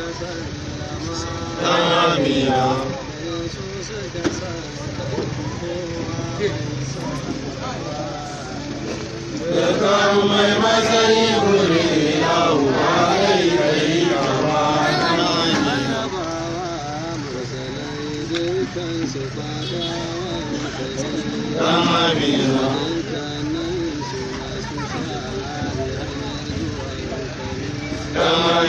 Amina. Dukan mai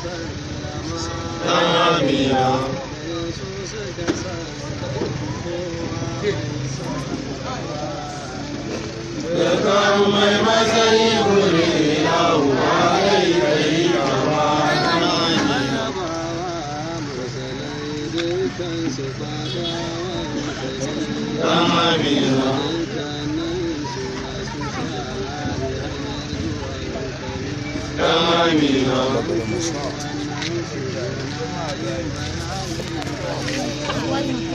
amina Daga mai matsayi gure yawuwa kai kai kama amina. Musalai dukansu fadawa kai amina. Amina.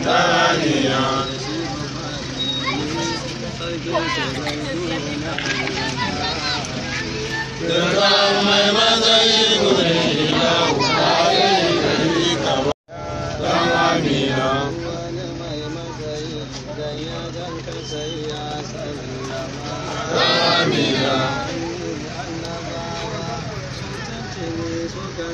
Tania. Amen. Yeah.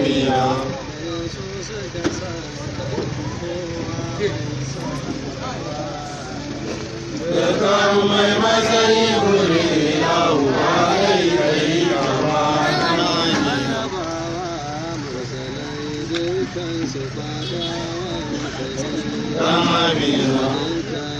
jamila Dukan mai matsayi guri yawuwa zai kai kama amina. Kama amina.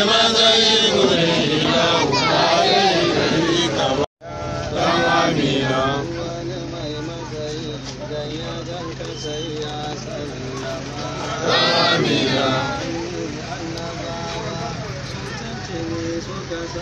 yesuka